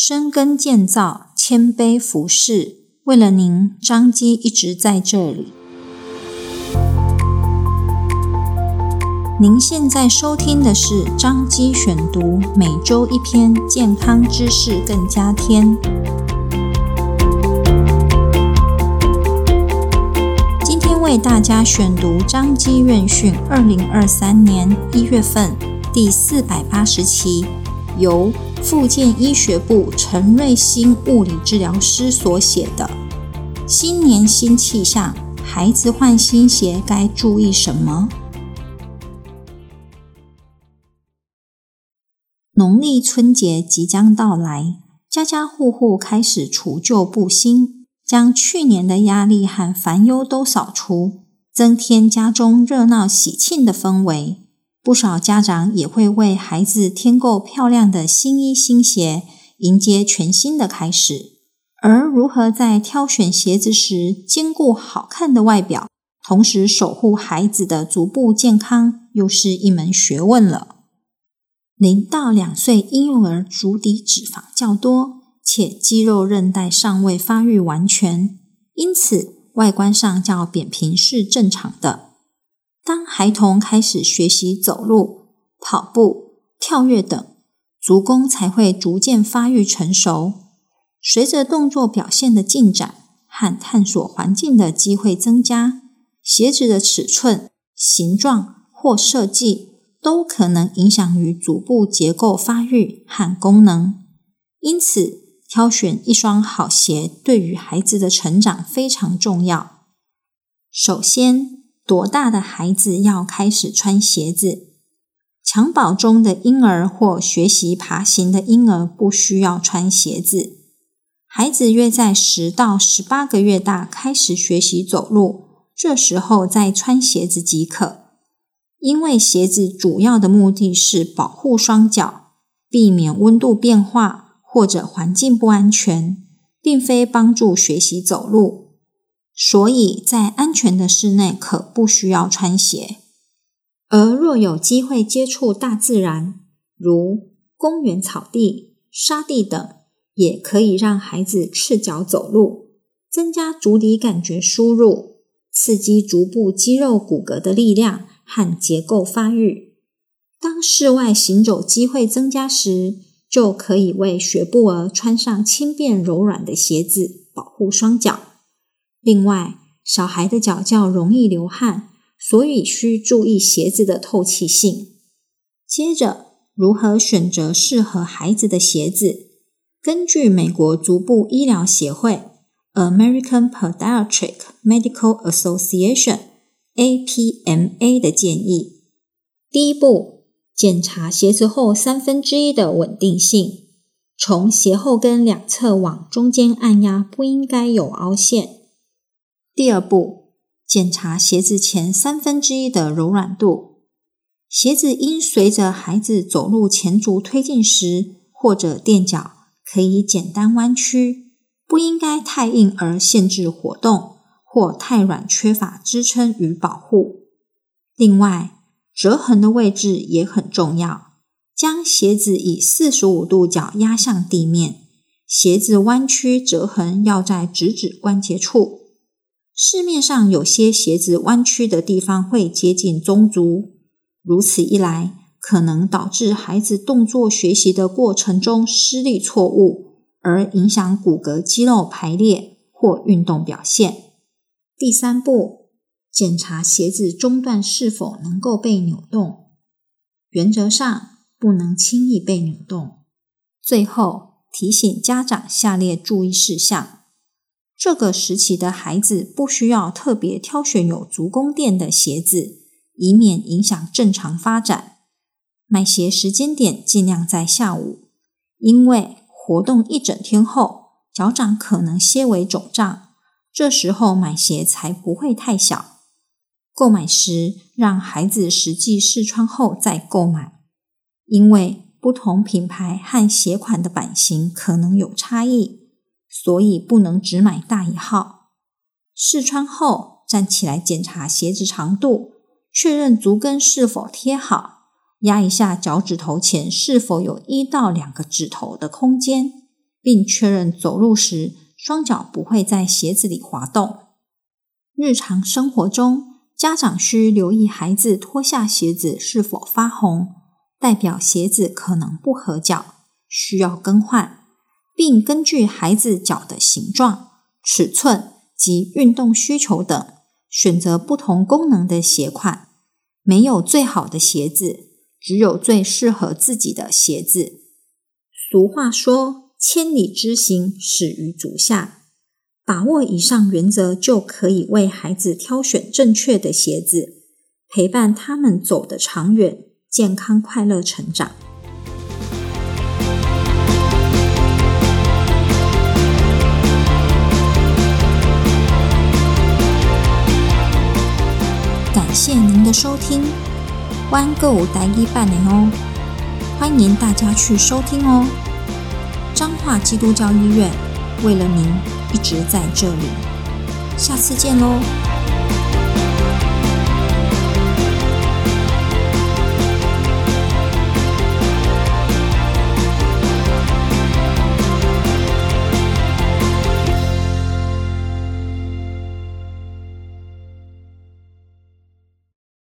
深耕建造，謙卑服侍，為了您，彰基一直在這裡。您現在收聽的是彰基選讀，每周一篇健康知識更天，更加添。今天為大家選讀彰基院訊二零二三年一月份第四百八十期，由。復健醫學部陳瑞欣物理治療師所寫的《新年新氣象》，孩子換新鞋該注意什麼？農曆春節即將到來，家家戶戶開始除舊布新，將去年的壓力和煩憂都掃除，增添家中熱鬧喜慶的氛圍。不少家長也會為孩子添購漂亮的新衣新鞋，迎接全新的開始。而如何在挑選鞋子時兼顧好看的外表，同時守護孩子的足部健康，又是一門學問了。零到兩歲嬰幼兒足底脂肪較多，且肌肉韌帶尚未發育完全，因此外觀上較扁平是正常的。當孩童開始學習走路、跑步、跳躍等，足弓才會逐漸發育成熟。隨着動作表現的進展和探索環境的機會增加，鞋子的尺寸、形狀或設計都可能影響於足部結構發育和功能。因此，挑選一雙好鞋對於孩子的成長非常重要。首先，多大的孩子要開始穿鞋子？襁褓中的嬰兒或學習爬行的嬰兒不需要穿鞋子。孩子約在十到十八個月大開始學習走路，這時候再穿鞋子即可。因為鞋子主要的目的是保護雙腳，避免溫度變化或者環境不安全，並非幫助學習走路。所以在安全的室內可不需要穿鞋，而若有機會接觸大自然，如公園草地、沙地等，也可以讓孩子赤腳走路，增加足底感覺輸入，刺激足部肌肉骨骼的力量和結構發育。當室外行走機會增加時，就可以為學步兒穿上輕便柔軟的鞋子，保護雙腳。另外，小孩的腳較容易流汗，所以需注意鞋子的透氣性。接着，如何選擇適合孩子的鞋子？根據美國足部醫療協會 （American Podiatric Medical Association，APMA） 的建議，第一步，檢查鞋子後三分之一的穩定性，從鞋後跟兩側往中間按壓，不應該有凹陷。第二步，檢查鞋子前三分之一的柔軟度。鞋子應隨着孩子走路前足推進時或者墊腳，可以簡單彎曲，不應該太硬而限制活動，或太軟缺乏支撐與保護。另外，折痕的位置也很重要。將鞋子以四十五度角壓向地面，鞋子彎曲折痕要在直指關節處。市面上有些鞋子彎曲的地方會接近中足，如此一來可能導致孩子動作學習的過程中施力錯誤，而影響骨骼肌肉排列或運動表現。第三步，檢查鞋子中段是否能夠被扭動，原則上不能輕易被扭動。最後提醒家長下列注意事項。這個時期的孩子不需要特別挑選有足弓墊的鞋子，以免影響正常發展。買鞋時間點儘量在下午，因為活動一整天後，腳掌可能些微腫脹，這時候買鞋才不會太小。購買時讓孩子實際試穿後再購買，因為不同品牌和鞋款的版型可能有差異。所以不能只買大一號。試穿後，站起來檢查鞋子長度，確認足跟是否貼好，壓一下腳趾頭前是否有一到兩個指頭的空間，並確認走路時雙腳不會在鞋子裡滑動。日常生活中，家長需留意孩子脫下鞋子是否發紅，代表鞋子可能不合腳，需要更換。並根據孩子腳的形狀、尺寸及運動需求等，選擇不同功能的鞋款。沒有最好的鞋子，只有最適合自己的鞋子。俗話說：“千里之行，始於足下。”把握以上原則，就可以為孩子挑選正確的鞋子，陪伴他們走得長遠，健康快樂成長。收聽 One Go 待一伴年哦，歡迎大家去收聽哦。彰化基督教醫院為了您一直在這裡，下次見嘍。